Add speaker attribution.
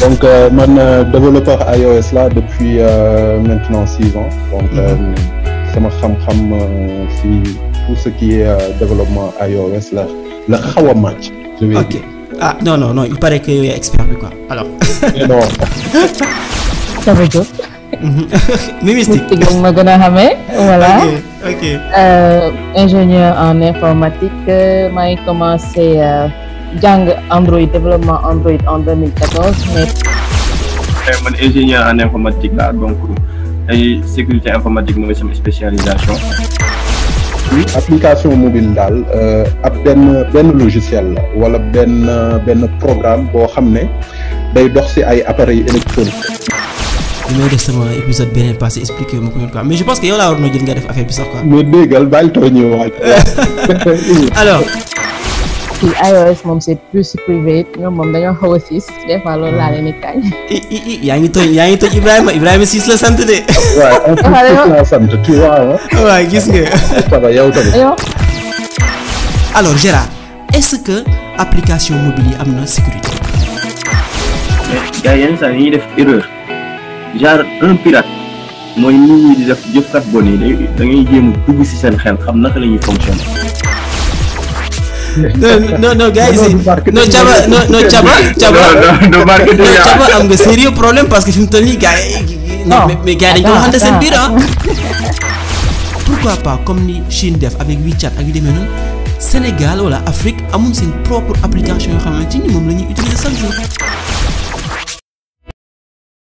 Speaker 1: Donc, euh, mon euh, développeur iOS là depuis euh, maintenant 6 ans. Donc, euh, mhm. c'est ma femme si pour ce qui est développement iOS là, le Hawa match. ok. Ah non, non, non, il paraît que est expert, mais quoi. Alors. non. Ça veut dire. Mhm. Mimistique. voilà. Ok. okay. Euh, ingénieur en informatique, j'ai commencé. jàng Android développement Android en 2014 mais. Eh, man ingénieur en informatique la donc ay sécurité informatique mooy sama spécialisation. application mobile daal euh, ab benn benn logiciel la wala benn benn programme boo xam ne day dox ci ay appareils électroniques. damay def sama épisode beneen passé expliqué ma ko ñun quoi mais je pense que yow laa war noo nga def affaire bi sax quoi. mais déggal bàyyi tooñ ñu kii iOS moom c'est plus privé ñoom moom dañoo xaw a siis des fois loolu laa leen di kañ. yaa ngi toj yaa ngi toj Ibrahima Ibrahima siis la sant de. waaw sant tu vois. waaw gis nga. yow tamit. alors Gérard est-ce que application mobile yi am na sécurité. gars yenn saa yi ñuy def erreur genre un pirate mooy nit ñi di def jëf kat bon yi da ngay jéem a dugg ci seen xel xam naka la ñuy fonctionner. non non gars yi non Thiaba non non am nga sérieux problème parce que fi mu toll nii gars oh, mais gars yi dañu ko waxante seen biir ah. pourquoi pas comme ni Chine def avec WeChat ak yu demee noonu Sénégal wala Afrique amuñ seen propre application yoo xamante ni moom la ñuy utiliser chaque